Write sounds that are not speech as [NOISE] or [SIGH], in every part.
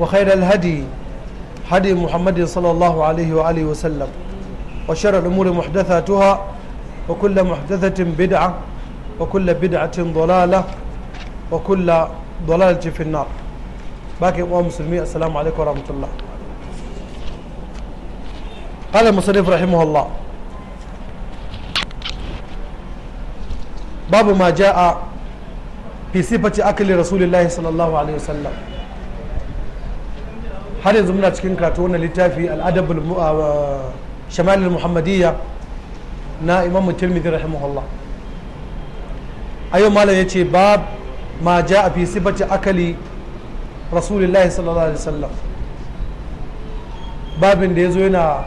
وخير الهدي هدي محمد صلى الله عليه وآله وسلم وشر الأمور محدثاتها وكل محدثة بدعة وكل بدعة ضلالة وكل ضلالة في النار باقي أمام مسلمين السلام عليكم ورحمة الله قال المصنف رحمه الله باب ما جاء في صفة أكل رسول الله صلى الله عليه وسلم har yanzu muna cikin karatu wannan littafi al'adabul uh, shamalil muhammadiyya na imamu tirmidhi rahimahullah a yau malam ya ce bab ma ja a fi sifati akali rasulullahi sallallahu alaihi wasallam babin da ya zo yana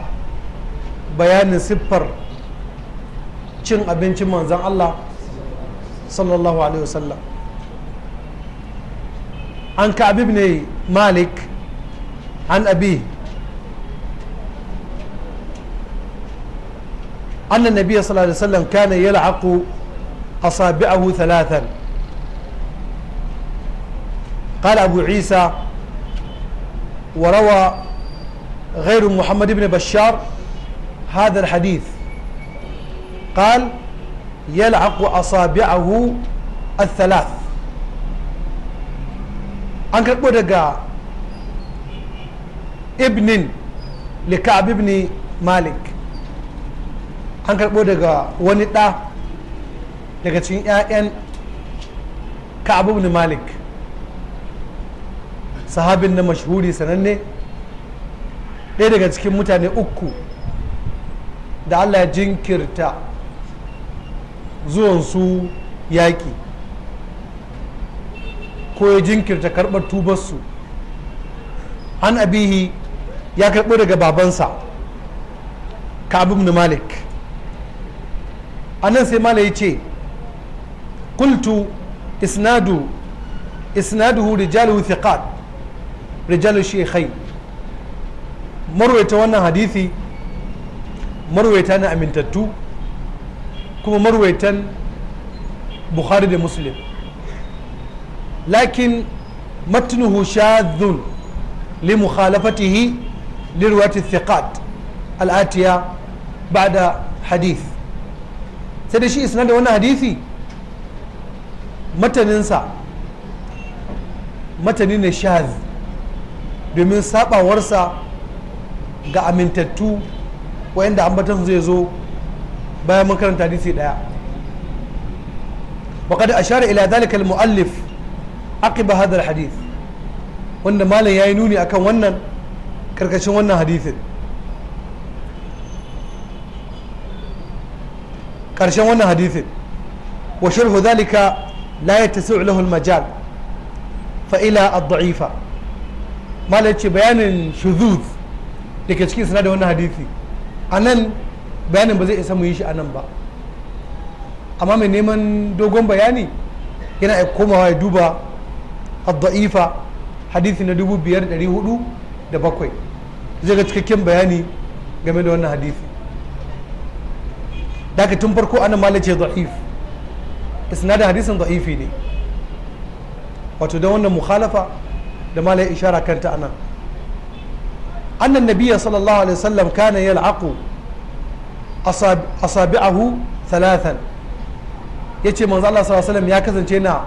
bayanin siffar cin abincin manzan Allah sallallahu alaihi wasallam an ka abib ne malik عن أبيه أن النبي صلى الله عليه وسلم كان يلعق أصابعه ثلاثا قال أبو عيسى وروى غير محمد بن بشار هذا الحديث قال يلعق أصابعه الثلاث أنك قد daga ibnin likab ibn malik an karɓo daga wani ɗa daga cikin 'ya'yan ka ibn malik sahabin na mashhuri sananne ɗaya daga cikin mutane uku da allah ya jinkirta zuwansu yaƙi ko ya jinkirta karɓar tubarsu an abihi ya karɓo daga babansa ka ibn malik a nan sai malik ya ce kultu isnadu isnaduhu rijaluhu thiqat rijalu shekhai marwaita wannan hadithi marwaita na amintattu kuma marwaitan bukhari da muslim lakin matnuhu shadhun li mukhalafatihi لرواة الثقات الآتية بعد حديث سيدي إسناد وانا حديثي متى ننسى متى ننشاذ domin sabawarsa ga amintattu wayanda ambatan zai zo bayan makaranta hadisi daya wa kada share ila zalika al muallif aqiba hadha al hadith wanda malam ya yi nuni akan wannan karkashin wannan hadithin karshen wannan hadithin wa shurhu dhalika la yattasi'u lahu al-majal fa ila ad-da'ifa malai ce bayanin shuzuz da ke cikin sinadar wannan hadithi a nan bayanin ba zai isa mu yi shi a nan ba amma mai neman dogon bayani yana ya komawa ya duba ad-da'ifa hudu na bakwai. zai ga cikakken bayani game da wannan hadisi daga tun farko ana malace da'if isnadin hadisin da'ifi ne wato don wannan mukhalafa da malai ishara kanta anan annan nabiya sallallahu alaihi wasallam kana yal'aqu asabi'ahu thalathan yace manzo Allah sallallahu alaihi wasallam ya kasance na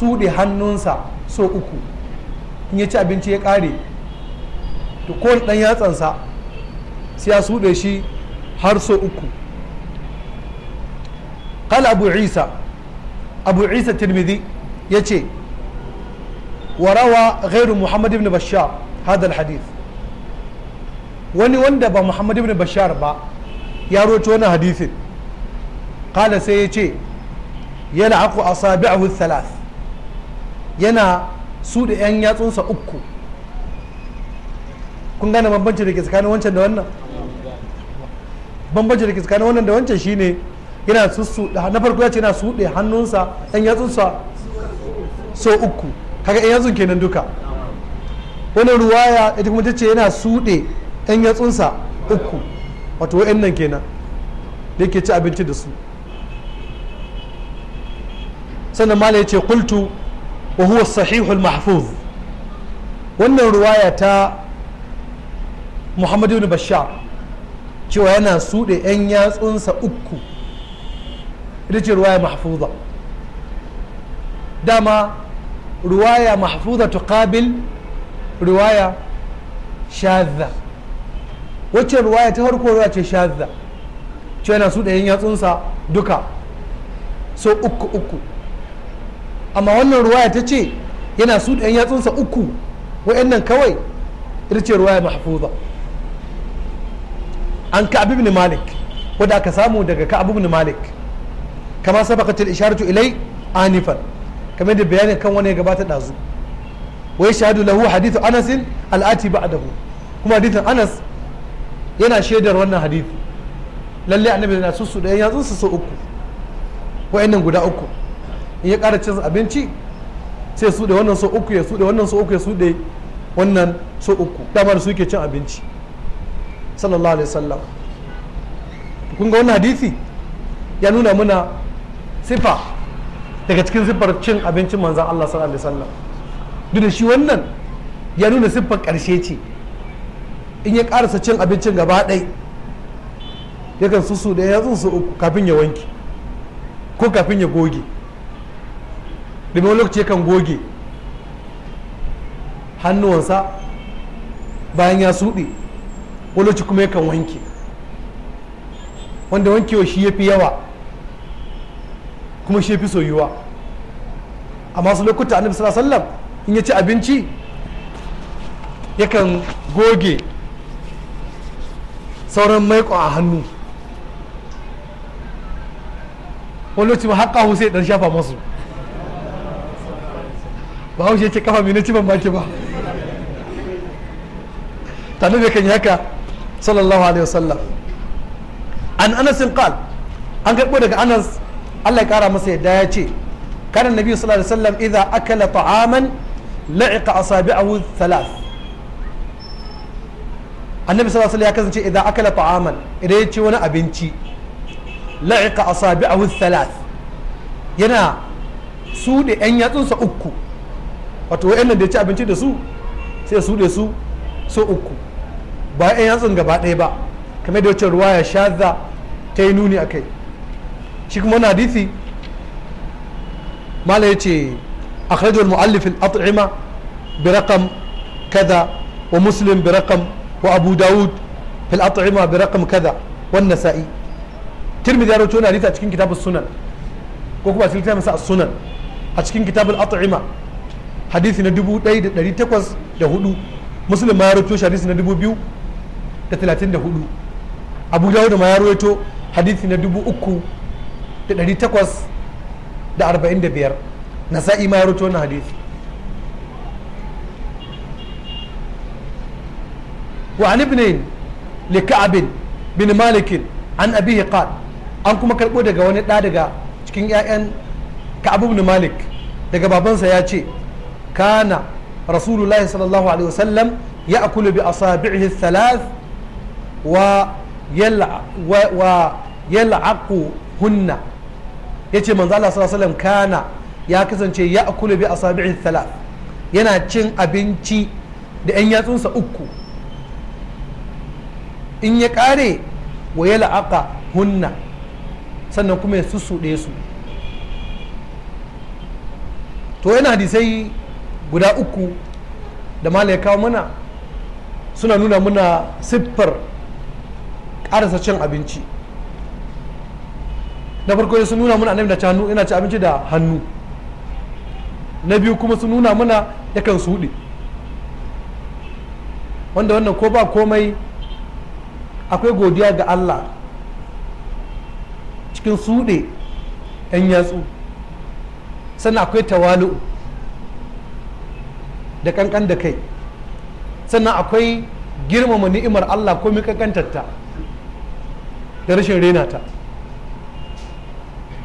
suɗe hannunsa so uku in ya ci abinci ya kare. to kowane ɗan yatsansa sai ya suɗe shi har so uku kala abu isa abu isa tirmidhi ya ce warawa ghairu muhammad ibn bashar hadal hadith wani wanda ba muhammad ibn bashar ba ya roci wani hadithin kala sai ya ce yana aku asabi'ahu thalath yana su da 'yan yatsunsa uku kun gane bambanci da ke tsakanin wancan da wannan bambanci da ke tsakanin wannan da wancan shine yana sussuɗa na farko ya ce yana suɗe hannunsa ɗan yatsunsa so uku kaga ɗan yatsun kenan duka wani ruwaya ita kuma ta ce yana suɗe ɗan yatsunsa uku wato yan nan kenan da yake ci abinci da su sannan mala ya ce kultu wa huwa sahihul mahfuz wannan ruwaya ta muhammadu ibn bashar cewa yana suɗe 'yan yatsunsa uku ita ce ruwaya mahfuza dama ruwaya mahfuza tuqabil ruwaya shazza wacce ruwaya ta harko ruwa ce shazza cewa yana suɗe 'yan yatsunsa duka so uku uku amma wannan ruwaya ta ce yana suɗe 'yan yatsunsa uku wa'annan kawai ita ce ruwaya mahfuza an abu ibn malik wadda aka samu daga abu ibn malik kama sabaqat al isharatu ilai anifan kamar da bayanin kan wani ya gabata dazu wai shahadu lahu hadithu anas al ati ba'dahu kuma hadithun anas yana shaidar wannan hadithu lalle annabi na susu da yanzu su so uku Wa wa'annan guda uku in ya ƙara cin abinci sai su da wannan so uku ya su da wannan so uku ya su da wannan so uku damar su ke cin abinci sallallahu alaihi wasallam kun ga wannan hadisi ya nuna muna sifa daga cikin siffar cin abincin manzan Allah sallallahu alaihi wasallam duk da shi wannan ya nuna siffar karshe ce in ya karasa cin abincin gaba ɗai yakan susu da ya su uku kafin ya wanke ko kafin ya goge domin lokaci yakan goge hannuwansa bayan ya suɗe wani kuma yakan wanke wanda wankewa shi ya fi yawa kuma shi ya fi soyuwa a masu lokuta annabi sallallahu alaihi wasallam in ya ci abinci yakan goge sauran maikon a hannu wani lokaci ma haƙa sai dan shafa masu ba haushe ce kafa mai na ci ban ba tanu bai kan yi haka sallallahu alaihi wasallam an anas qal an karbo daga anas Allah ya kara masa yadda ya ce kana nabi sallallahu alaihi wasallam idza akala ta'aman la'iqa asabi'ahu thalath annabi sallallahu alaihi wasallam ya kasance idan akala ta'aman idan ya ci wani abinci la'iqa asabi'ahu thalath yana su da yan yatsunsa uku wato wayannan ya ci abinci da su sai su su so uku ba yan yatsun gaba ɗaya ba kamar da wacce ruwa ya shaza ta yi nuni a kai shi kuma na hadisi mala ya ce akhrajul mu'allifin at'ima bi raqam kaza wa muslim bi raqam wa abu dawud fil at'ima bi kada kaza sai nasa'i tirmidhi ya rawaito na hadisi a cikin kitabus sunan ko kuma cikin kitabun sunan a cikin kitabul at'ima hadisi na 1804 muslim ma ya rawaito hadisi na 2000 da talatin da hudu abu da ma ya ruwaito hadithi na dubu uku da ɗari takwas da arba'in da biyar sa'i ma ya ruwaito wannan hadisi وعن ابن لكعب bin malikin an أبيه قال an kuma karɓo daga wani ɗa daga cikin 'ya'yan ka'ab ibn malik daga babansa ya ce kana rasulullahi sallallahu alaihi wasallam ya akulu bi asabi'ihi thalath wa yal'aqu hunna yace manzo Allah sallallahu alaihi wasallam kana ya kasance ya akulu bi asabi'i thalath yana cin abinci da yan yatsunsa uku in ya kare wa yal'aqa hunna sannan kuma ya sussuɗe su to yana hadisai guda uku da mala kawo mana suna nuna muna siffar karasa cin abinci na farko sun nuna mana annabi da yana ci abinci da hannu na biyu kuma su nuna mana yakan suɗe wanda wannan ko ba komai akwai godiya ga allah cikin suɗe 'yan yatsu sannan akwai tawalu da kankan da kai sannan akwai girmama ni'imar allah ko mi ta da rashin rena ta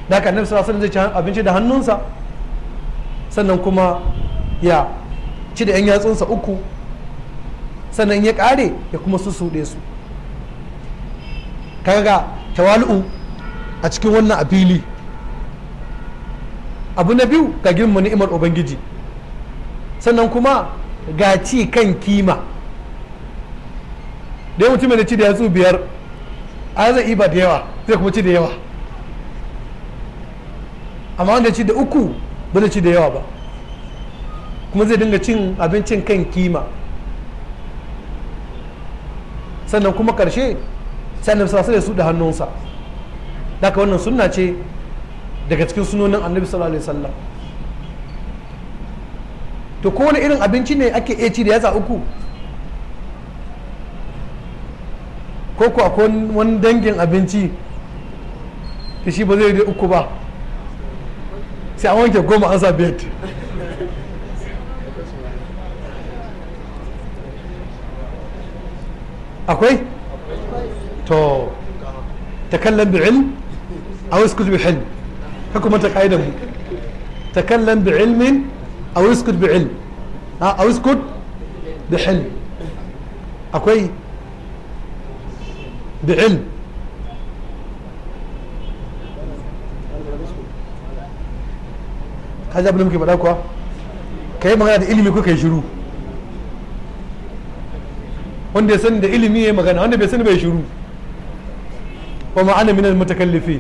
da haka nufi sallallahu zai ci abinci da hannunsa sannan kuma ya ci da 'yan yatsunsa uku sannan ya kare ya kuma susuɗe su kaga tawali'u a cikin wannan abili abu na biyu ga girma ni'imar ubangiji sannan kuma ga ci kan kima da mutum da ci da yatsu biyar a zai iba da yawa zai kuma ci da yawa amma wanda ci da uku ba zai ci da yawa ba kuma zai dinga cin abincin kan kima sannan kuma karshe sannan sa sallallahu su da hannunsa daga wannan sunna ce daga cikin sunonin annabi sallallahu alaihi wasallam to kowane irin abinci ne ake iya ci da yatsa uku ko ku akwai wani dangin abinci da shi ba zai da uku ba sai a wanke goma an sa bed akwai to takallan bi'ilm a wasu kutu bi'ilm ka kuma ta ƙa'idar mu takallan bi'ilmin a wasu kutu bi'ilm a wasu kutu bi'ilm akwai بعلم kaji abin da muke faɗa kuwa ka yi magana da ilimi ko ka yi shiru wanda ya sani da ilimi ya yi magana wanda bai sani bai shiru wa ma'ana minal mutakallifi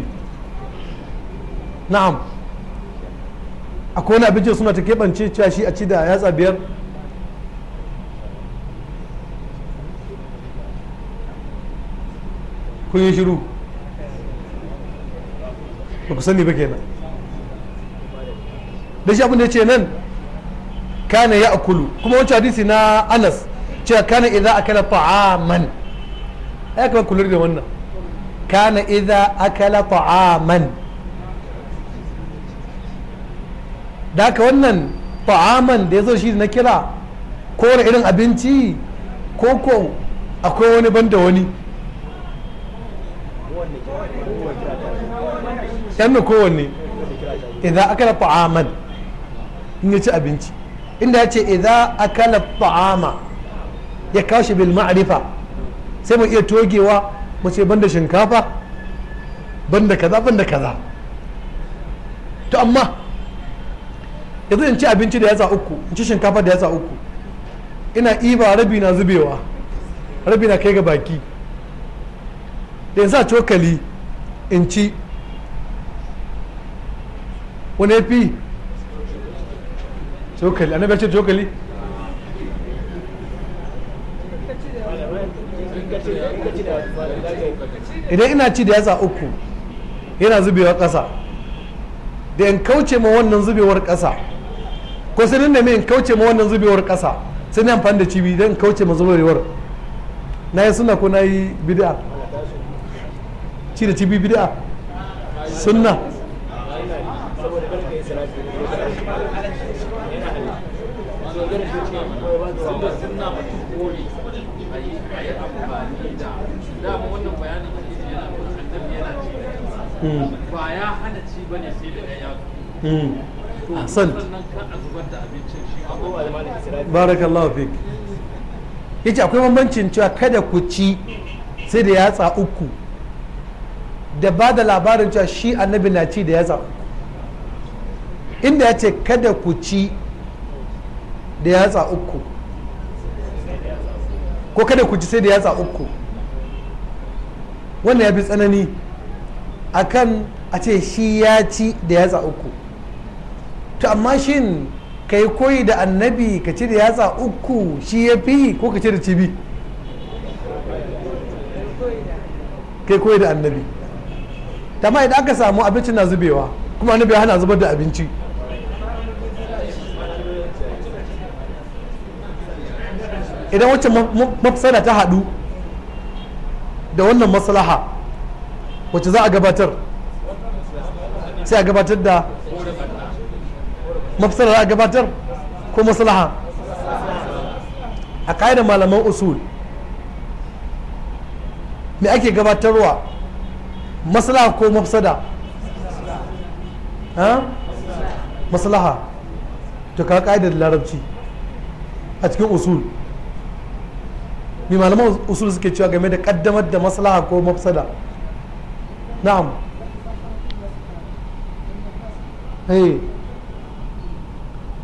na'am akwai wani abinci suna ta keɓance cewa shi a ci da yatsa biyar kun yi shiru ba ku sani ba kenan da shi abin da ce nan kana ya akulu kuma wancan hadisi na anas cewa kana idza akala ta'aman ai kuma kullu da wannan kana idza akala ta'aman da ka wannan ta'aman da ya shi na kira ko irin abinci ko ko akwai wani banda wani yan kowanne idan aka lafa aman in ya ci abinci inda ya ce idan lafa ama ya kashi bil ma'rifa sai mu iya togewa mu ce banda shinkafa banda kaza banda kaza to amma yanzu in ci abinci da yatsa uku in ci shinkafa da yatsa uku ina iba rabi na zubewa rabi na kai ga baki da yanzu a cokali in ci wani fi cokali annabi ce cokali idan ina ci da yatsa uku yana zubewar ƙasa da in kauce ma wannan zubewar ƙasa ko sai da in kauce ma wannan zubewar ƙasa sai na amfani da cibi don kauce ma zubewar na yi suna ko na yi bid'a ci da ci bi bid'a sunna ba ya hana ci sai da ya ahsant barakallahu fik yace akwai bambancin cewa kada ku ci sai da yatsa uku da ba da labarin cewa shi annabi na ci da yatsa inda ya ce kada ku ci da yatsa uku ko kada ku ci sai da yatsa uku wannan ya fi tsanani akan a ce shi ya ci da yatsa uku to amma shin ka yi koyi da annabi ka ci da yatsa uku shi ya fi ko ka ci da ka yi koyi da annabi ma idan aka samu abinci na zubewa kuma biya hana zubar da abinci idan wacce mafsada ta hadu da wannan maslaha wacce za a gabatar sai a gabatar da mafsada za a gabatar ko maslaha a kayan malaman usul me ake gabatarwa maslaha ko mafsada maslaha to ka ka'idar larabci a cikin usul mai malaman usul suke cewa game da kaddamar da maslaha ko mafsada na'am hey. Eh.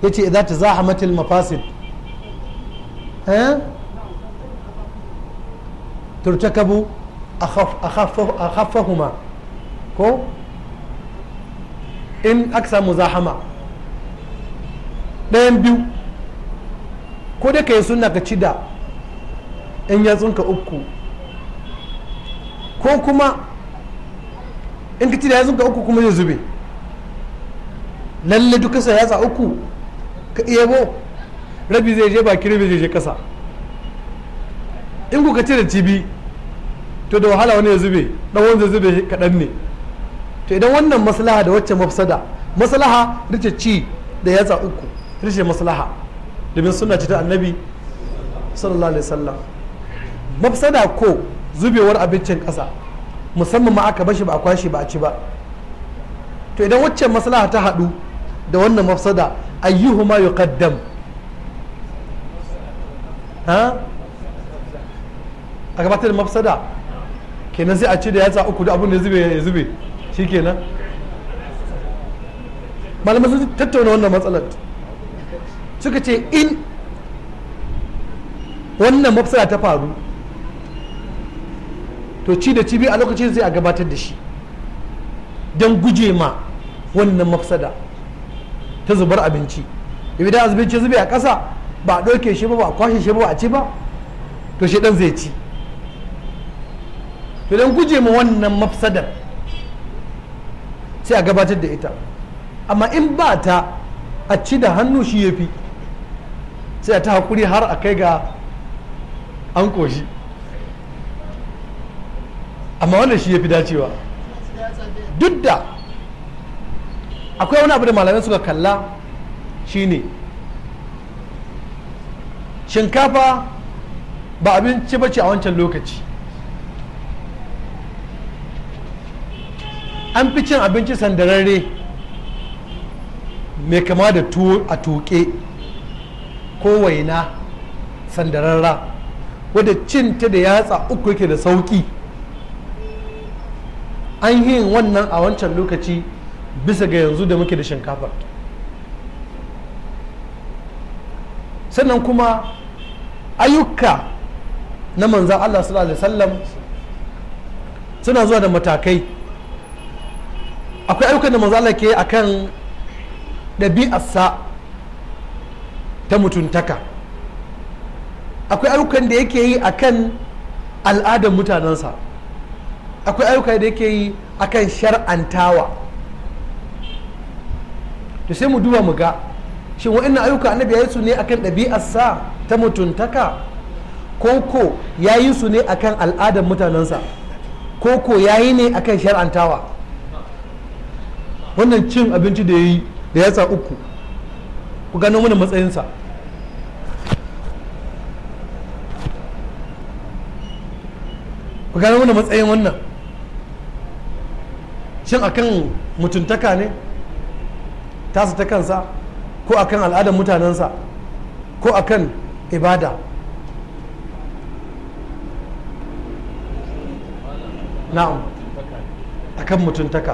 ya ce za ta zahamatil mafasid eh? turtakabu akhaffahuma ko in aka samu zahama ɗayan biyu ko da ka yi suna ka ci da in ya yatsunka uku ko kuma in ka ci da ya yatsunka uku kuma zai zube lalle duk ya yatsa uku ka iya bo rabi zai je baki rabi zai je kasa in ku ka ci da cibi to da wahala wani ya zube dan wanda zube kaɗan ne to idan wannan maslaha da wacce mafsada maslaha rike ci da yatsa uku rike maslaha domin suna ce ta annabi sallallahu alaihi wasallam mafsada ko zubewar abincin ƙasa musamman ma aka bashi ba a ba a ci ba to idan wacce maslaha ta haɗu da wannan mafsada ayyuhuma yuqaddam ha a gabatar da mafsada kenan sai a ce da yatsa uku da abin da zube ya zube shi kenan malamai sun tattauna wannan matsalar suka ce in wannan mafsada ta faru to ci da cibi a lokacin sai a gabatar da shi don guje ma wannan mafsada ta zubar abinci idan abinci zube a ƙasa ba a ɗauke shi ba ba a kwashe shi ba a ci ba to shi ɗan zai ci to don guje ma wannan mafsadar sai a gabatar da ita amma in ba ta a ci da hannu shi ya fi sai a ta hakuri har a kai ga an koshi amma wannan shi ya fi dacewa duk da akwai wani abu da malamai suka kalla shine shinkafa ba abinci bace a wancan lokaci an fi cin abinci sandararre mai kama da tuwo a toke ko waina sandararra wadda ta da yatsa uku yake da sauki an yi wannan a wancan lokaci bisa ga yanzu da muke da shinkafa sannan kuma ayyuka na manzan allah sallallahu alaihi wasallam suna zuwa da matakai akwai ayyukan da manzo Allah ke akan ɗabi'arsa ta mutuntaka akwai ayyukan da yake yi akan al'adar mutanensa akwai ayyukan da yake yi akan shar'antawa to sai mu duba mu ga shin wa'annan ayyuka annabi ya yi su ne akan ɗabi'arsa ta mutuntaka koko ya yi su ne akan al'adar mutanensa koko ya yi ne akan shar'antawa wannan cin abinci da ya yi da ya uku ku gano mana matsayinsa ku gano mana matsayin wannan shin akan mutuntaka ne tasa ta kansa ko akan al'adar mutanensa ko akan ibada na'am akan mutuntaka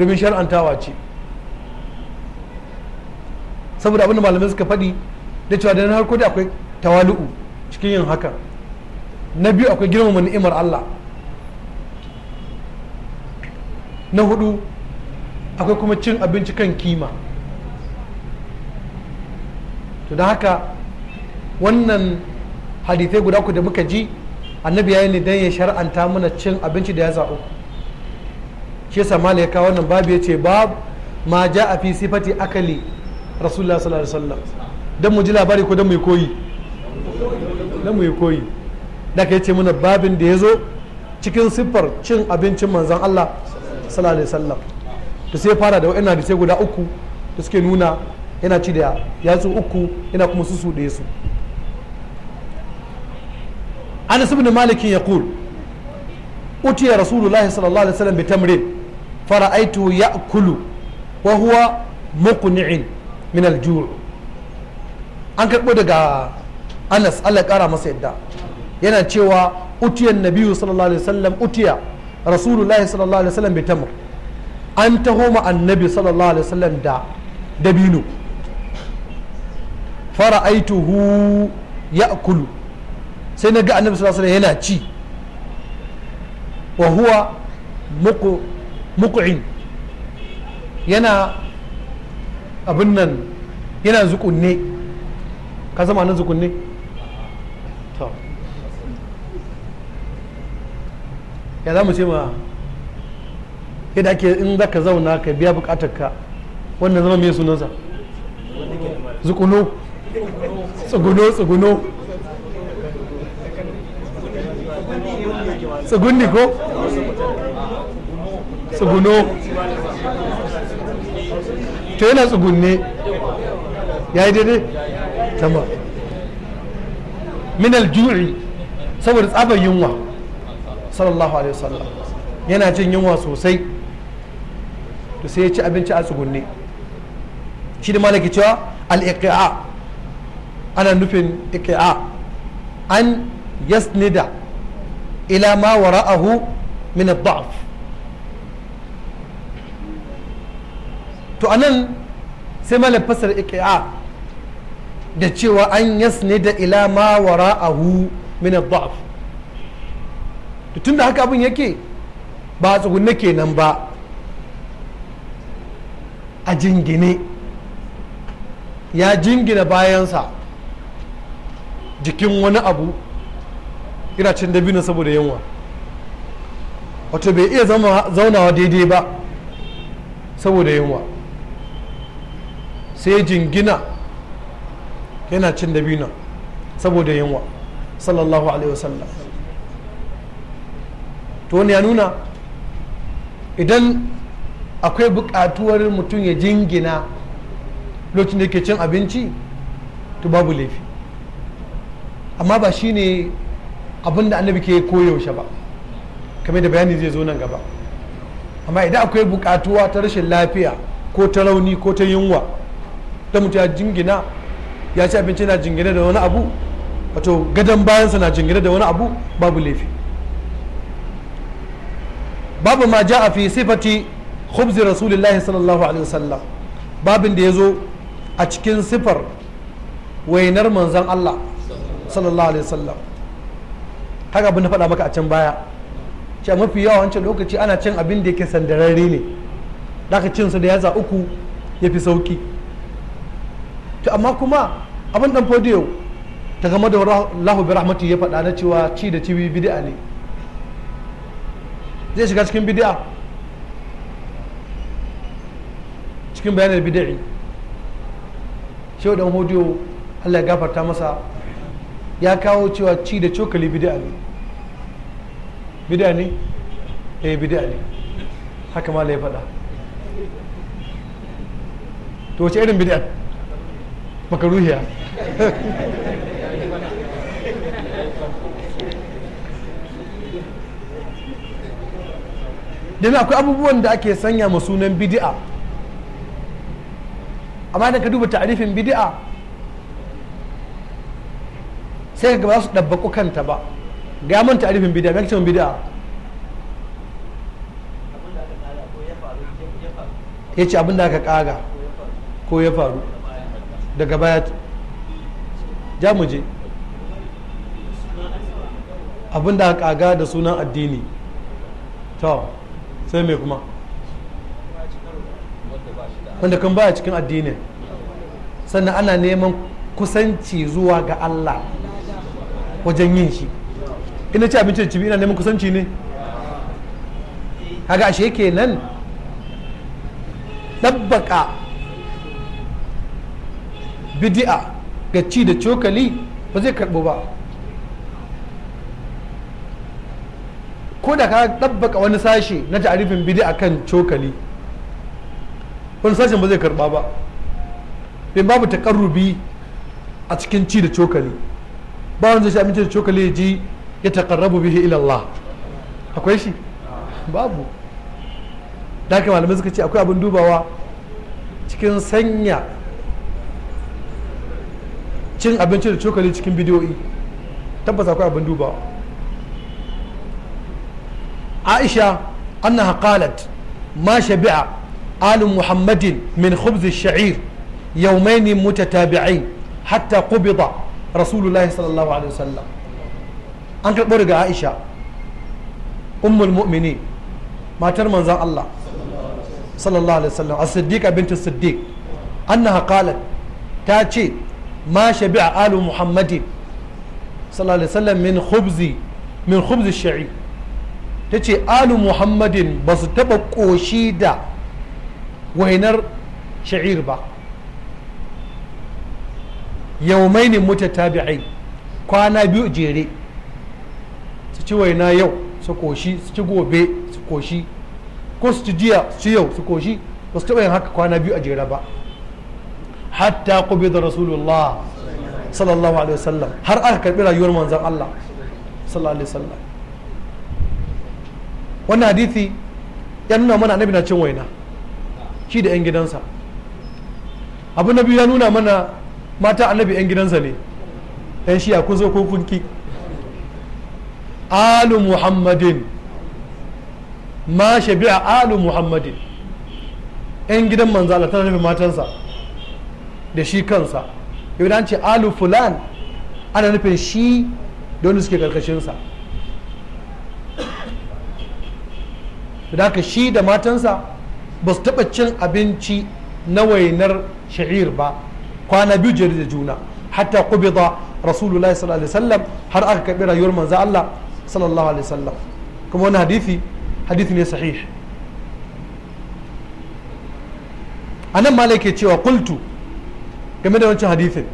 domin shar'antawa ce saboda abinda malamai suka faɗi da cewa da harko da akwai tawalu'u cikin yin haka na biyu akwai girmama ni'imar Allah na hudu akwai kuma cin abinci kan kima to da haka wannan hadithai guda ku da muka ji annabi ya yi ne don ya shar'anta mana cin abinci da ya zaɓo. shi yasa mala ya kawo wannan babu yace bab ma ja a fi sifati akali rasulullah sallallahu alaihi wasallam dan mu ji labari ko dan mu yi koyi dan mu yi koyi da ka yace mana babin da ya zo cikin siffar cin abincin manzon Allah sallallahu alaihi wasallam to sai fara da wa'annan hadisai guda uku da suke nuna yana ci da yatsu uku yana kuma susu da yasu Anas ibn Malik yaqul utiya Rasulullahi sallallahu alaihi wasallam bi tamrin fara'aitu ya'kulu wa huwa muqni'in min al-ju' an karbo daga Anas Allah kara masa yadda yana cewa utiyan nabiyyu sallallahu alaihi wasallam utiya rasulullahi sallallahu alaihi wasallam bi tamr an taho ma annabi sallallahu alaihi wasallam da dabino ya ya'kulu sai na ga annabi sallallahu alaihi wasallam yana ci wa huwa muku muku'in yana abin nan yana zukunne ka zama nan zukunne ya za mu ce ma yadda ake in za ka zauna ka biya bukatar ka wannan zama mai sunansa zukuno tsuguno tsuguno tsugunni ko tsuguno to yana tsugunne ya yi daidai tamar minal juri saboda tsabar yunwa sallallahu alaihi wasallam yana jin yunwa sosai to sai ya ci abinci a tsugunne shi da malaki cewa al ana nufin iqa an yasnida ila ma wara'ahu min ad-da'f to a nan sai malam fasar iki'a da cewa an yasne da ila ma wara'ahu min ad-da'f to tunda haka abin yake ba a tsugunne kenan ba a jingine ya jingina bayansa jikin wani abu ina cin dabino saboda yunwa wato bai iya zaunawa daidai ba saboda yunwa sai jingina yana cin dabino saboda yunwa sallallahu alaihi wasallam to wani ya nuna idan akwai bukatuwar mutum ya jingina lokacin da ke cin abinci to babu laifi amma ba shi ne abin da annabi ke koyaushe ba kamar da bayani zai zo nan gaba amma idan akwai bukatuwa ta rashin lafiya ko ta rauni ko ta yunwa da mutu ya jingina ya ci abinci na jingina da wani abu wato gadon bayansa na jingina da wani abu babu laifi babu ma ja a fi sifati khubzi rasulillahi sallallahu alaihi wasallam babin da ya zo a cikin sifar wainar manzan Allah sallallahu alaihi wasallam haka abin da faɗa maka a can baya ce mafi yawa wancan lokaci ana cin abin da yake sandararre ne da cin su da yaza uku ya fi sauki to amma kuma abin dan fodiyo ta game da lahu bi rahmati ya faɗa na cewa ci da ci bid'a ne zai shiga cikin bid'a cikin bayanin bid'i shehu dan hodiyo Allah ya gafarta masa ya kawo cewa ci da cokali bid'a ne bid'a ne eh bid'a ne haka ma ya faɗa to wace irin bid'a makaruhiya [LAUGHS] dan akwai abubuwan da ake sanya ma sunan bidi'a amma da ka duba ta'arifin bidi'a sai ka ba su ɗabba kanta ba ga man ta'arifin bidi'a me kake bidi'a ya ce abin da aka kaga ko ya faru daga baya ja mu je abin da kaga da sunan addini to sai mai kuma wanda kan baya cikin addini sannan ana neman kusanci zuwa ga Allah wajen yin shi ina ci abincin cibi ina neman kusanci ne haga ashe kenan ɗabbaka bidi'a ga ci da cokali ba zai karɓo ba ko da ka ɗabbaka wani sashe na ta'arifin bidi'a kan cokali wani sashen ba zai karɓa ba bai babu takarrubi a cikin ci da cokali ba wanda zai amince da cokali ya ji ya takarrabu bihi ilallah akwai shi babu da haka malamai suka ce akwai abin dubawa cikin sanya cin abinci da cokali cikin bidiyoyi abin dubawa aisha annaha qalat ma shabi'a min khubz sha'ir yawmain mutatabi'ain hatta qubida rasulullah sallallahu alaihi wasallam aisha ummul mu'mini allah sallallahu binti siddiq annaha qalat ta ce ma shabi'a a muhammadin sallallahu alaihi min khubzi min ta ce alu muhammadin ba su taɓa ƙoshi da wainar sha'ir ba yaumai ne mutatabi'ai kwana biyu jere su ci waina yau su koshi su ci gobe su koshi ko su jiya su yau su koshi ba taɓa yin haka kwana biyu a jere ba hatta da rasulullah sallallahu alaihi wasallam har aka karbi rayuwar manzon Allah sallallahu alaihi wasallam wannan hadithi ya nuna mana annabi na cin waina shi da yan gidansa abu nabi biyu ya nuna mana mata annabi yan gidansa ne yan shiya kun zo ko kun ki alu muhammadin ma shabi'a alu muhammadin yan gidan manzo Allah tana nufin matansa da shi kansa yau ce alu fulan ana nufin shi da wanda suke karkashinsa da haka shi da matansa ba su taɓa cin abinci na wainar sha'ir ba kwana biyu jere da juna hatta kubida rasulullahi sallallahu alaihi wasallam har aka karɓi rayuwar manzo Allah sallallahu alaihi wasallam kuma wani hadisi hadisi ne sahih anan malai ke cewa kultu. game da wancan hadithin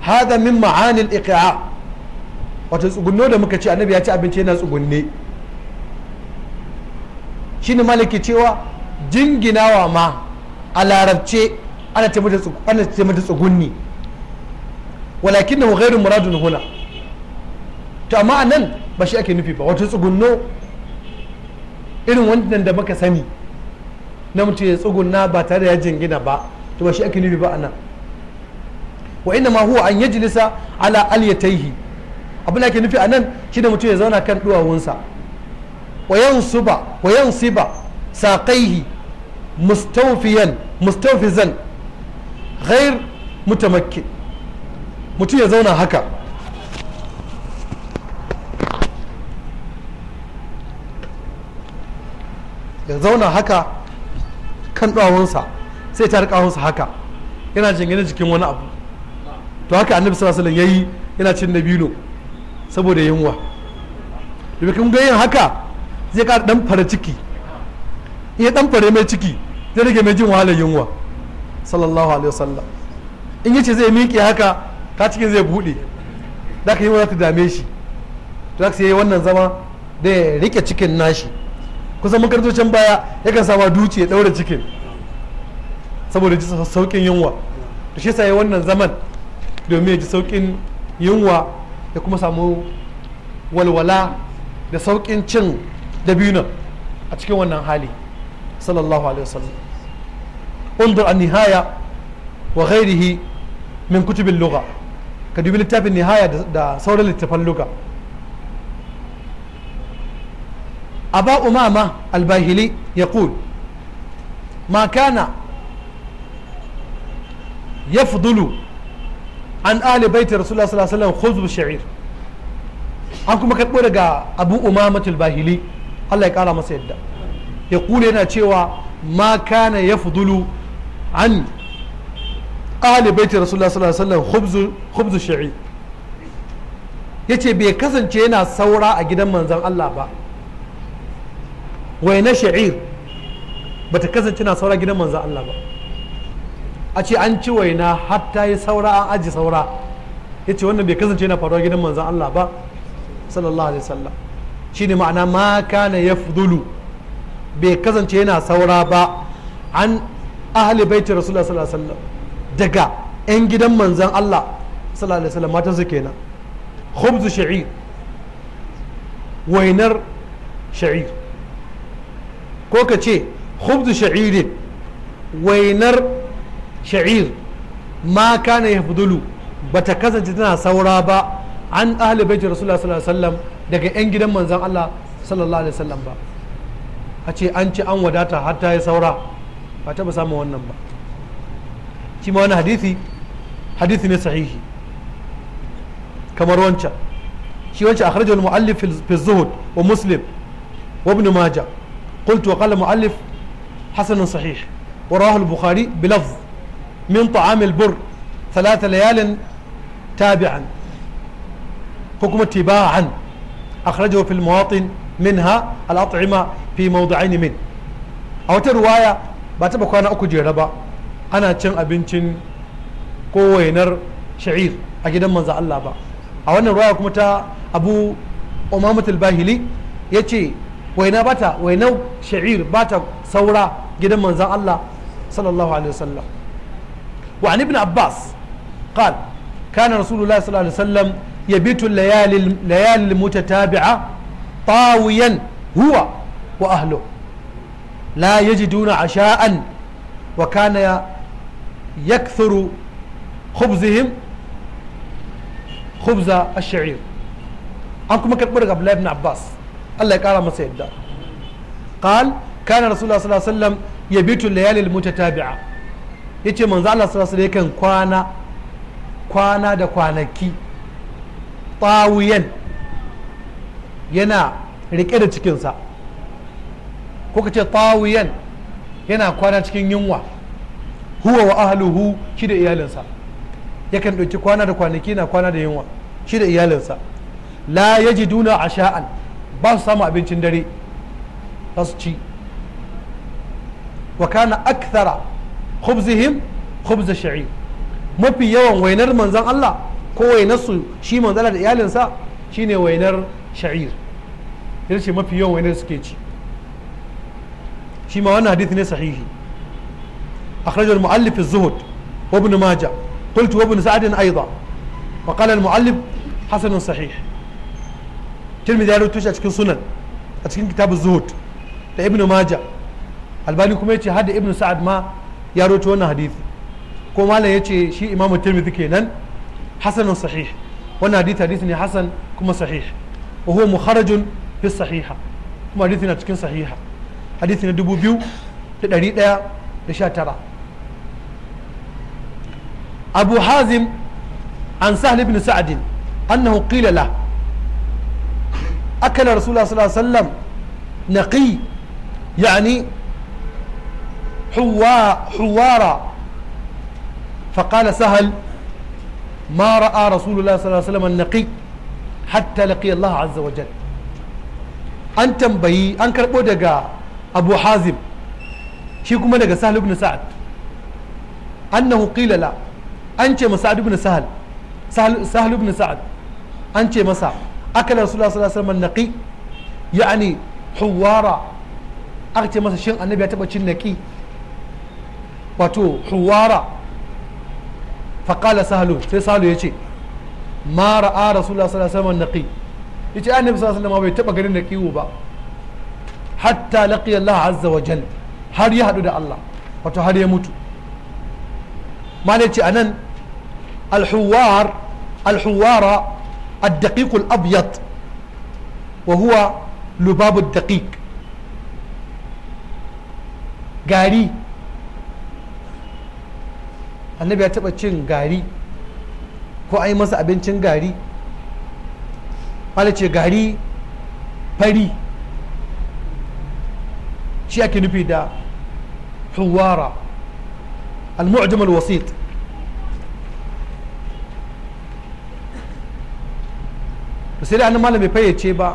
hada min al iqa'a wato tsugunno da muka ce annabi ya ci abinci yana tsugunne shine maliki cewa jinginawa ma a larabce ana ce mata tsugunni walakin na ghairu muradun huna to amma anan ba shi ake nufi ba wato tsugunno irin wannan da muka sani na mutum ya tsugunna ba tare da ya jingina ba to ba shi ake nufi ba anan wa ina ma huwa an yajlisa ala alyataihi abin da ake nufi a nan ne mutum ya zauna kan duwawunsa wa yansuba ba saƙaihi saqaihi mustawfiyan ghair mutamakki mutum ya zauna haka ya zauna haka kan duwawunsa sai ta rikawunsa haka yana jingine jikin wani abu to haka annabi sallallahu alaihi wasallam yayi yana cin dabino saboda yunwa da kun ga yin haka zai ƙara dan fara ciki in ya dan fara mai ciki zai rage mai jin wahalar yunwa sallallahu alaihi wasallam in yace zai miƙe haka ka cikin zai buɗe da ka yi za ta dame shi to za ka yi wannan zama da ya rike cikin nashi kusan makarantocin baya yakan sama duci ya ɗaure cikin saboda ji sauƙin yunwa to shi sai wannan zaman domin ya ji sauƙin yunwa da kuma samu walwala da sauƙin cin dabino a cikin wannan hali sallallahu alaihi wasallam undur an nihaya wa ghairihi min kutubin lugha ka dubi littafin nihaya da sauran littafan lugha أبا أمامة الباهلي يقول ما كان يفضل an ali baiti rasulullah sallallahu alaihi wasallam sha'ir an kuma karɓo daga abu umamatul bahili Allah ya kara masa yadda ya kula yana cewa ma kana yafdulu an ali baiti rasulullah sallallahu alaihi wasallam khubzu khubzu sha'ir yace bai kasance yana saura a gidan manzon Allah ba wai na sha'ir bata kasance yana saura gidan manzon Allah ba a ce an ci waina har ta yi saura an aji saura ya ce wannan bai kasance yana faruwa gidan manzan Allah ba sallallahu alaihi wasallam shi ne ma'ana ma kana ya fudulu bai kasance yana saura ba an ahli baiti rasulullah sallallahu alaihi wasallam daga yan gidan manzan Allah sallallahu alaihi wasallam matan su kenan khubzu sha'ir wainar sha'ir ko ka ce khubzu sha'irin wainar sha'ir ma kana ba ta kasance tana saura ba an ahli baiti rasulullah sallallahu alaihi wasallam daga yan gidan manzon Allah sallallahu alaihi wasallam ba a ce an ci an wadata har ta yi saura ba ta taba samun wannan ba shi ma wani hadithi hadithi ne sahihi kamar wancan shi wancan akhrajahu al-muallif fi zuhud wa muslim wa ibn majah قلت وقال المؤلف حسن صحيح ورواه البخاري بلفظ min ta'amil bur ثلاث ليال تابعا حكم تباعا أخرجه في المواطن منها الأطعمة في موضعين من أو رواية باتبا كوانا أكو جيربا أنا تشن أبنتين كوينر شعير أجد من الله با أو أن رواية كمتا أبو أمامة الباهلي يتي وينا باتا وينو شعير باتا ثورة جدا من الله صلى الله عليه وسلم وعن ابن عباس قال كان رسول الله صلى الله عليه وسلم يبيت الليالي الليالي المتتابعة طاويا هو وأهله لا يجدون عشاء وكان يكثر خبزهم خبز الشعير عنكم كتبرك عبد الله بن عباس الله يقال ما سيدا قال كان رسول الله صلى الله عليه وسلم يبيت الليالي المتتابعة yace manzo Allah sallallahu alaihi wasallam kwana kwana da kwanaki tawiyan yana rike da cikinsa ko ka ce tawiyan yana kwana cikin yunwa huwa wa ahluhu shi da iyalinsa yakan ɗauki kwana da kwanaki na kwana da yunwa shi da iyalinsa la yajiduna asha'an ba su samu abincin dare ba su ci wa kana akthara khubzihim khubz sha'ir mafi yawan wainar manzan Allah ko wainar su shi manzan da iyalinsa shine wainar sha'ir yace mafi yawan wainar suke ci shi ma wannan hadith ne sahihi أخرجه المؤلف الزهد وابن ماجة قلت وابن سعد أيضا وقال المؤلف حسن صحيح تلمي دارو توش أتكن سنن أتكن كتاب الزهد لابن ماجة الباني كما هذا ابن سعد ما ya roci wannan hadisi ko malam ya ce shi imamu tirmidhi kenan hasanun sahih wannan hadisi hadisi ne hasan kuma sahih wa huwa mukharajun fi sahiha kuma hadisi na cikin sahiha hadisi na dubu biyu da ɗari ɗaya da sha tara abu hazim an sahal ibn sa'adin annahu qila la akala rasulullah sallallahu alaihi wasallam naqi yani حوارا فقال سهل ما رأى رسول الله صلى الله عليه وسلم النقي حتى لقي الله عز وجل an tambayi an karɓo daga abu hazim shi kuma daga sahal ibn sa'ad annahu qila la an ce masa ibn sahal sahal ibn sa'ad an ce masa akala rasulullah sallallahu alaihi wasallam naqi yani huwara aka ce masa shin annabi ya taba cin naqi wato huwara faƙala sahalu sai sahalu ya ce mara ra'a rasulullah sallallahu alaihi wasallam naqi yace annabi sallallahu alaihi bai taba ganin naqiwu ba hatta laqiya Allah azza wa jal har ya hadu da Allah wato har ya mutu malai ce anan al-huwar al-huwara الدقيق الأبيض وهو لباب الدقيق gari annabi ya taba cin gari ko an yi masa abincin gari ce gari fari shi ake nufi da huwara al-mu'jam al-wasit sai da annan malam bai fayyace ba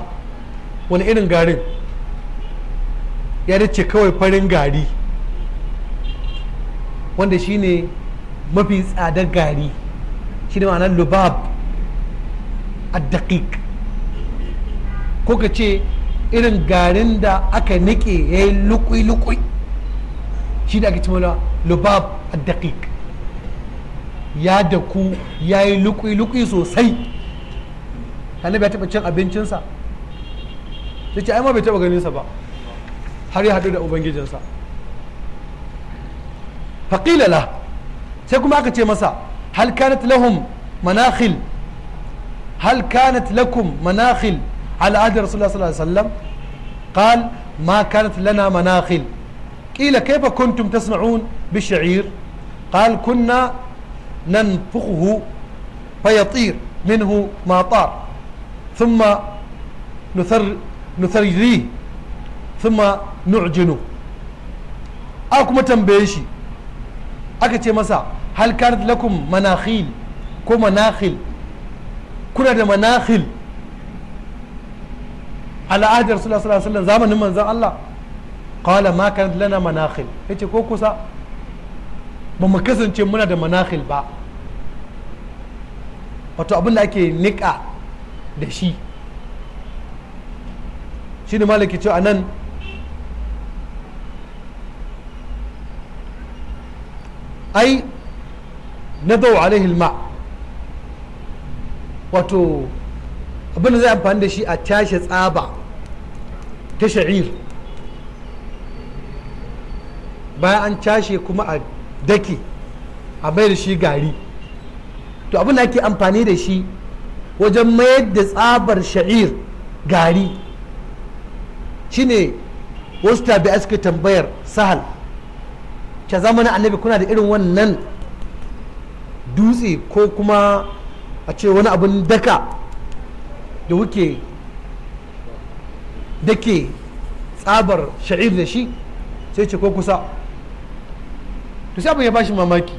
wani irin garin ya dace kawai farin gari wanda shi ne. mafi tsadar gari shi ne ma'anar lubab addaƙiƙ ko ka ce irin garin da aka nike ya yi lukui-lukui shi da ake cimola lubab addaƙiƙ ya daku ya yi lukui-lukui sosai annabi ya taɓa cin abincinsa sai ce ai ma bai taɓa ganinsa ba har ya haɗu da ubangijinsa faƙilala sai kuma aka ce masa hal kanat lahum manakhil hal kanat lakum manakhil ala ahdi rasulullah sallallahu alaihi wasallam qal ma kanat lana manakhil قيل كيف كنتم تصنعون بالشعير قال كنا ننفخه فيطير منه ما طار ثم نثر نثريه ثم نعجنه أكما تنبيشي أكتي مساء hal kanat lakum ko manakhil kuna da manakhil ala ahdi rasulullah sallallahu alaihi wasallam zamanin manzon Allah qala ma kanat lana manakhil yace ko kusa ba mu kasance muna da manakhil ba wato abin da ake niƙa da shi shi ne malaki ce a nan ai na alaihi ma wato abin da zai amfani da shi a tashi tsaba ta sha'ir bayan an cashe kuma a dake a mai da shi gari to abin da ake amfani da shi wajen mayar da tsabar sha'ir gari shine wasu tabi'a suke tambayar sahal ta zamanin annabi kuna da irin wannan dutse ko kuma a ce wani abin daka da wuke ke tsabar sha'ir da shi sai ce ko kusa to sai abin ya bashi mamaki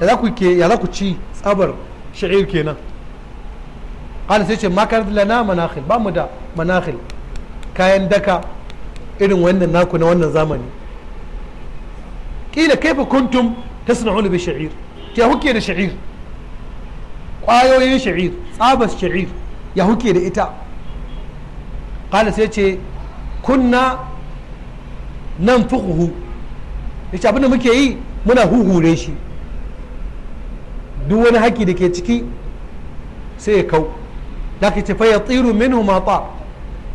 ya za ku ci tsabar sha'ir kenan ƙala sai ce makar lana manakhil ba mu da manakhil kayan daka irin wannan naku na wannan zamani kila kaifa kuntum tasna'una bi sha'ir ta huke da sha'ir ƙwayoyin sha'ir tsabas sha'ir ya huke da ita ƙala sai ce kunna nan da yace abinda muke yi muna huhure shi duk wani haƙi da ke ciki sai ya kau da ka ce faya tsiru minhu mata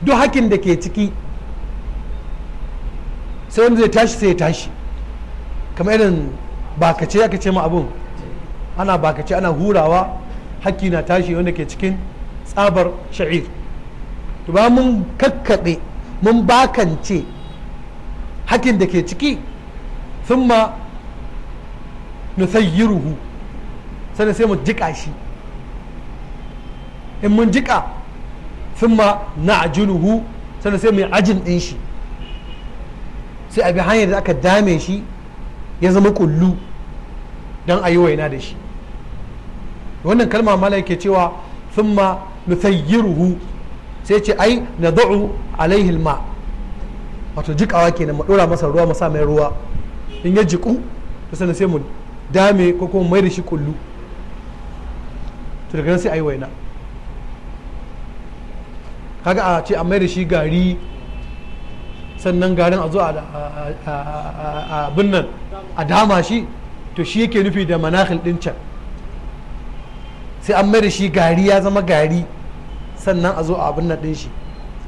duk haƙin da ke ciki sai wanda zai tashi sai ya tashi kamar irin ba ka ce ya ka ce ma abun ana bakace ana hurawa hakki na tashi wanda ke cikin tsabar sha'ir to ba mun kakkaɓe mun bakance hakin da ke ciki thumma ruhu sannan sai mu jika shi in mun jika na aji sannan sai mu ajin din shi sai a bi hanyar da aka dame shi ya zama kullu don a yi waina da shi wannan kalma mala ke cewa ma nusayyiruhu sai ce ai na da'u alaihi ma wato jikawa kenan mu dora masa ruwa masa mai ruwa in ya jiku to sannan sai mu dame ko kuma mai da shi kullu to daga nan sai ayi waina kaga a ce a mai da shi gari sannan garin a zo a abin nan a dama shi to shi yake nufi da manahil din can sai an mai da shi gari ya zama gari sannan a zo a abin nan shi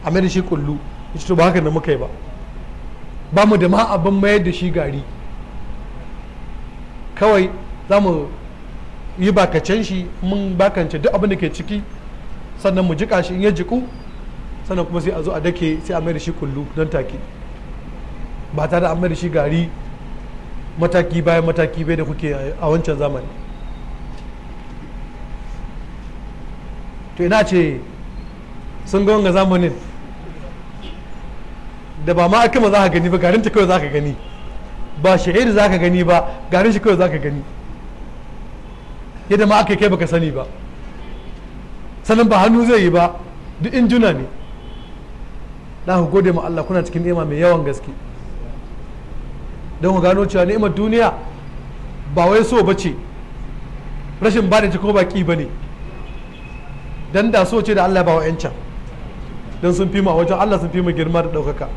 a mai da shi kullu ya to ba haka da muka yi ba ba mu da ma abin mayar da shi gari kawai za mu yi bakacen shi mun bakance duk abin da ke ciki sannan mu jika shi in ya jiku sannan kuma sai a zo a dake sai a mai da shi kullu don take ba tare da an mai da shi gari mataki bayan mataki bai da kuke a wancan zamani to ina ce sun ga wanga zamanin da ba ma za ka gani ba garin ta kawai za ka gani ba sha'ir za ka gani ba garin shi kawai za ka gani yadda ma aka kai baka sani ba sannan ba hannu zai yi ba duk injuna ne na ku gode ma Allah kuna cikin ni'ima mai yawan gaske don ku gano cewa ni'imar duniya ba wai so bace rashin ba da ko baki ba ne dan da so ce da Allah ba wa yancan dan sun fi mu a wajen Allah sun fi mu girma da ɗaukaka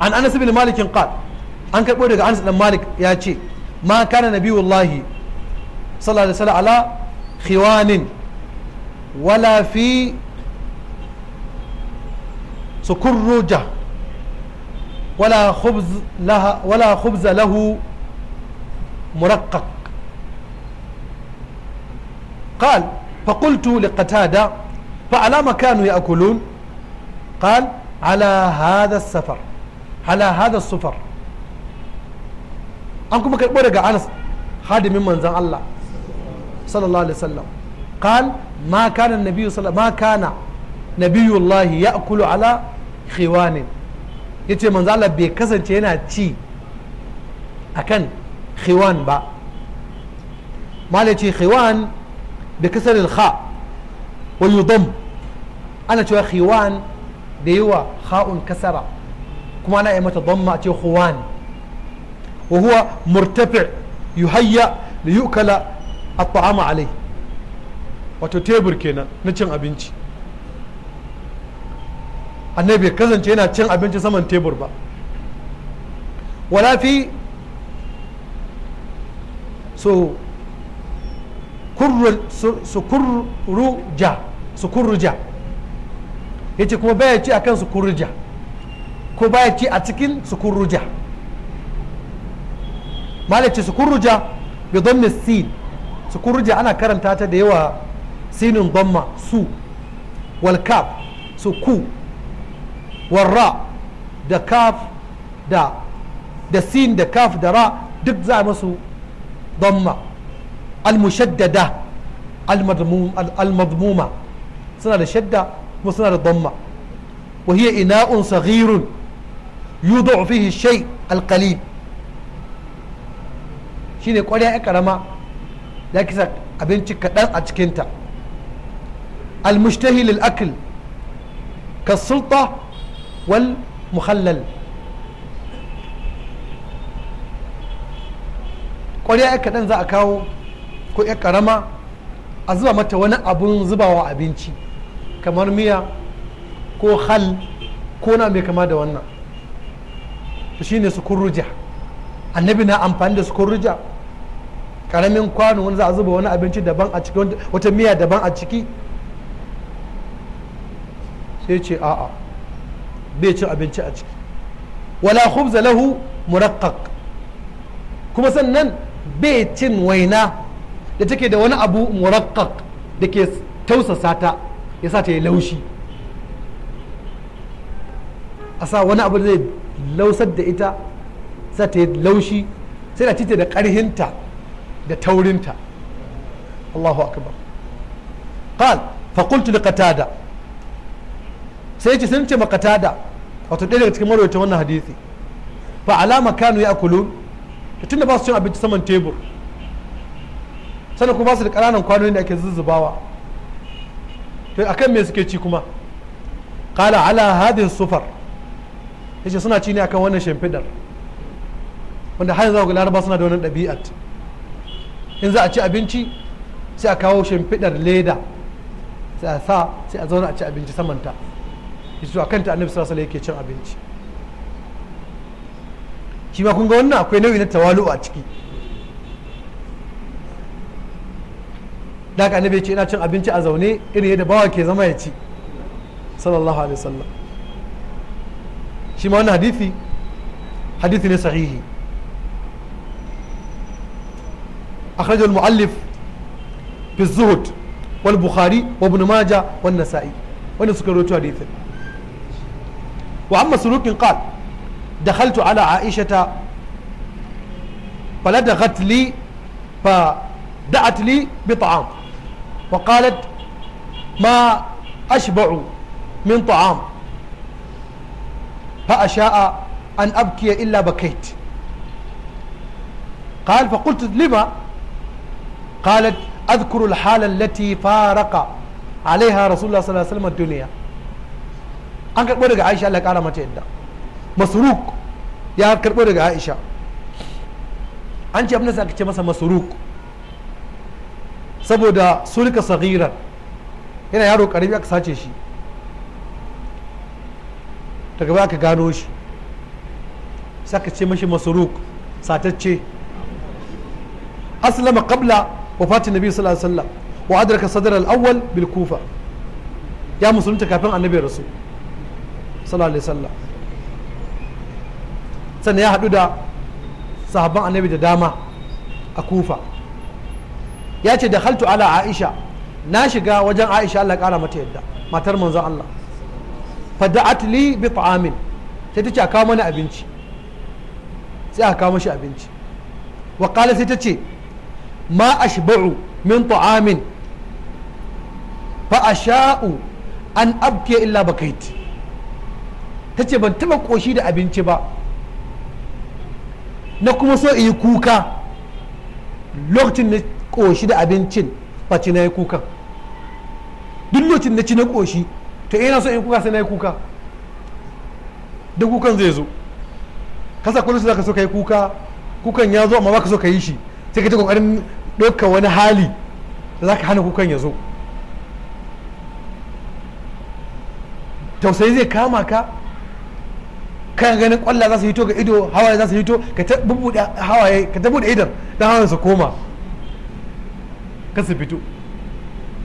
an anas bin malikin qal an karɓo daga anas dan malik ya ce ma kana nabiyullahi sallallahu alaihi wasallam ala khiwanin wala fi sukurruja wala khubz laha wala khubz lahu muraqqaq قال فقلت لقتادة فعلى ما كانوا يأكلون قال على هذا السفر على هذا السفر أنكم كربوا على خادم من منزل الله صلى الله عليه وسلم قال ما كان النبي صلى ما كان نبي الله يأكل على خوان يتي منزل الله بيكسن تينا تي أكن خوان khiwan ما لتي خوان da kasar alkha wal yudam ana cewa khiwan da yawa kha'un kasara kuma ana yi mata damma a ce wa huwa murtafi yuhayya da yukala at-ta'ama alai wato tebur kenan na cin abinci annabi bai kasance yana cin abinci saman tebur ba wala fi so sukurruja ya ce kuma baya ci kan sukurruja ko baya ci a cikin sukurruja malaci sukurruja bi dhammi sin sukurruja ana karanta ta da yawa sinin dhamma su walkaf su ku warra da kaf da da sin da kaf da ra duk za a masu dhamma المشددة المضموم المضمومة صنع للشدة وصنع للضمة وهي إناء صغير يوضع فيه الشيء القليل شين يقول يا إكرامة لكن أبنتك كتان أتكنت المشتهي للأكل كالسلطة والمخلل قول يا إكرامة ko ya karama a zuba mata wani abun zubawa abinci kamar miya ko hal ko na mai kama da wannan to sukun ruja annabi na amfani da sukurruja karamin kwano wani za a zuba wani abinci daban a ciki wata miya daban a ciki sai ce a'a bai cin abinci a ciki wala khubza lahu murakkak kuma sannan bai cin waina da take da wani abu murakkak da ke tausasa ta ya sa ta yi laushi a sa wani abu da zai lausar da ita sa ta yi laushi sai da tita da ƙarhinta da taurinta Allahu akbar qal fa qultu li qatada sai ce sun ce ma katada wato ɗaya daga cikin marwayata wannan hadisi fa alama kanu ya tun da ba su cin abinci saman tebur sannan kuma su da ƙananan kwanoyin da ake zuzubawa to akan me suke ci kuma kala ala hadin sufar yace suna ci ne akan wannan shimfidar wanda har yanzu ga laraba suna da wannan ɗabi'at in za a ci abinci sai a kawo shimfidar leda sai a sa sai a zauna a ci abinci samanta yace kan ta annabi sallallahu alaihi yake cin abinci shi ma kun ga wannan akwai nau'i na tawalu a ciki da haka annabi ce ina cin abinci a zaune irin yadda bawa ke zama ya ci sallallahu alaihi wasallam shi ma wannan hadithi hadithi ne sahihi أخرجه المؤلف في الزهد والبخاري وابن ماجه والنسائي وين سكروتو حديثا وعما سلوك قال دخلت على عائشة فلدغت لي فدعت لي بطعام وقالت ما أشبع من طعام فأشاء أن أبكي إلا بكيت قال فقلت لما قالت أذكر الحالة التي فارق عليها رسول الله صلى الله عليه وسلم الدنيا an karɓo daga aisha allah ƙara mata yadda masuruk ya karɓo daga aisha an ce abin da aka ce masa masuruk saboda sulka sagiran yana yaro karami aka sace shi daga baya aka gano shi saka ce mashi masaruk satacce aslama qabla wafatin nabi sallallahu alaihi wasallam wa adraka sadar al-awwal bil kufa ya musulunta kafin annabi rasul sallallahu alaihi wasallam sannan ya hadu da sahabban annabi da dama a kufa ya ce da haltu ala aisha na shiga wajen aisha Allah kara mata yadda matar manzon Allah fada'at li bi ta'amin sai ta ce a kawo mana abinci sai a kawo mashi abinci wa qala sai ta ce ma ashba'u min ta'amin fa asha'u an abke illa bakait ta ce ban taba koshi da abinci ba na kuma so in yi kuka lokacin ƙoshi da abincin face na yi kukan duk lokacin na ci na ƙoshi to eh, ina so in kuka sai na yi kuka da kukan zai zo kasa kullum za ka so ka yi kuka kukan ya zo amma ba ka so ka yi shi sai ka ta kokarin ɗauka wani hali da za ka hana kukan ya zo tausayi zai kama ka kan ganin kwalla za su hito ga ido hawaye za su hito ka ta bubuɗe hawaye ka ta buɗe idan dan hawaye su koma kan su fito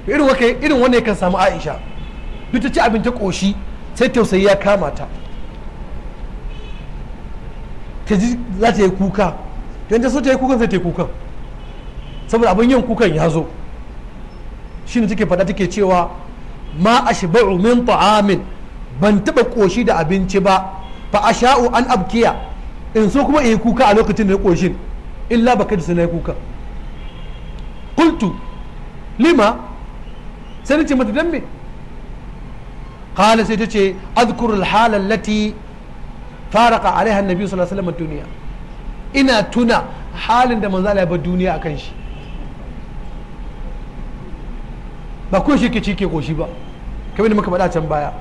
irin wakai irin wannan kan samu Aisha duk ci abin ta koshi sai tausayi ya kama ta ta ji za ta yi kuka don ta so ta yi kukan sai ta yi kukan saboda abin yin kukan ya zo shi ne take faɗa take cewa ma a bai min ta'amin ban taɓa koshi da abinci ba fa sha'u an abkiya in so kuma in yi kuka a lokacin da na koshin illa baka da na yi kuka qultu lima sai nace mata dan me qala sai tace adhkuru al-hala allati faraka alaiha annabi sallallahu alaihi wasallam duniya ina tuna halin da manzo Allah ya bar duniya akan shi ba ko shi ke ci ke koshi ba kamar da muka faɗa can baya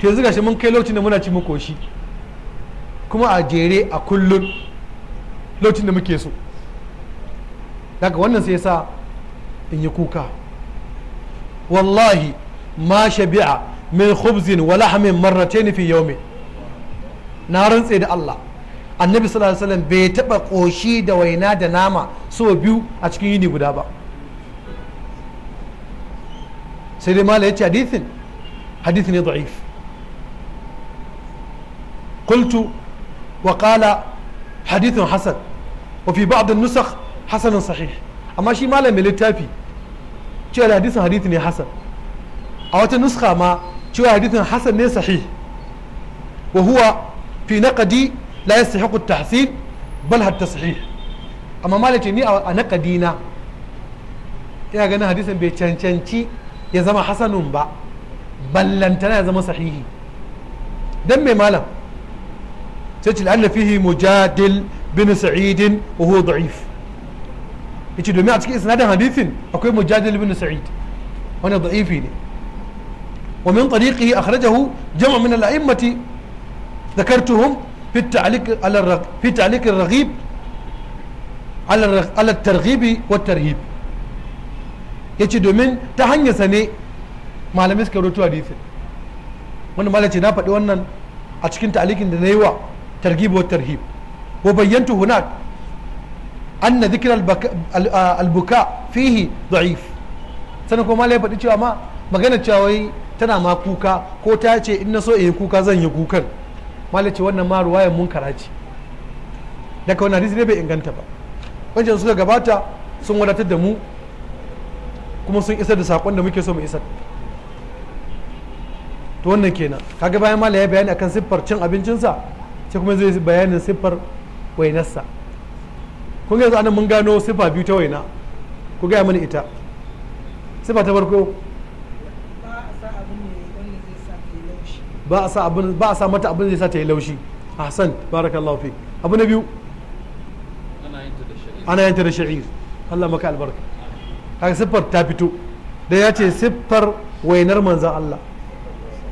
to yanzu gashi mun kai lokacin da muna ci mu koshi kuma a jere a kullun lokacin da muke so daga wannan sai yasa in yi kuka wallahi ma shabi'a min khubzin wa lahmin marratayn fi yawmin na rantse da Allah annabi sallallahu alaihi wasallam bai taba koshi da waina da nama so biyu a cikin yini guda ba sai dai mala yace hadithin hadithin ne da'if qultu wa qala hadithun hasan wa fi hasanin sahih amma shi malam mai littafi cewa da hadisin hadithi ne hasan a wata nuska ma cewa hadithin hasan ne sahih wa huwa fi naqadi la yastahiqu at-tahsin bal hatta sahih amma malam ce ni a naqadi na ina ganin hadisin bai cancanci ya zama hasanun ba ballantana ya zama sahihi dan mai malam sai ce la'alla fihi mujadil bin sa'idin wa huwa da'if yace domin a cikin isnadin hadithin akwai mujadil ibn sa'id wani da'ifi ne wa min tariqihi akhrajahu jama' min al-a'immati dhakartuhum fi at-ta'liq ala ar fi ta'liq ar-raghib ala ala at-targhib wa at-tarhib yace domin ta hanyar sa ne malamai suka rawaito hadithin wani malaci na faɗi wannan a cikin ta'liqin da na yi wa targhib wa tarhib wa bayyantu hunak anna dhikr albuka buka fihi da'if sannan kuma malai faɗi cewa ma magana cewa tana ma kuka ko ta ce in na so in yi kuka zan yi kukan malai ce wannan ma ruwayan mun karaci daga wani hadisi ne bai inganta ba wajen suka gabata sun wadatar da mu kuma sun isar da saƙon da muke so mu isar to wannan kenan kaga bayan malai ya bayani akan siffar cin abincinsa sai kuma zai bayanin siffar wainarsa kun yanzu anan mun gano sifa biyu ta waina ku gaya mini ita sifa ta farko ba a sa abin ba a sa mata abin zai sa ta yi laushi ahsan barakallahu fi abu na biyu ana yanta da sha'ir Allah maka albarka kaga siffar ta fito da ya ce siffar wainar manzan Allah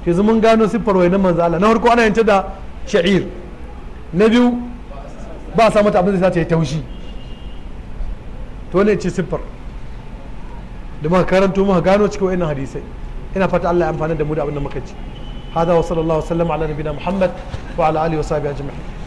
yanzu mun gano siffar wainar manzan Allah na farko ana yanta da sha'ir na biyu ba a sa mata abin zai sa ta yi taushi to ne ce siffar da muka karanto muka gano cikin wa'annan hadisai ina fata Allah ya amfana da mu da abin da muka ci hada wa sallallahu alaihi wa sallam ala nabiyina muhammad wa ala alihi wa sahbihi ajma'in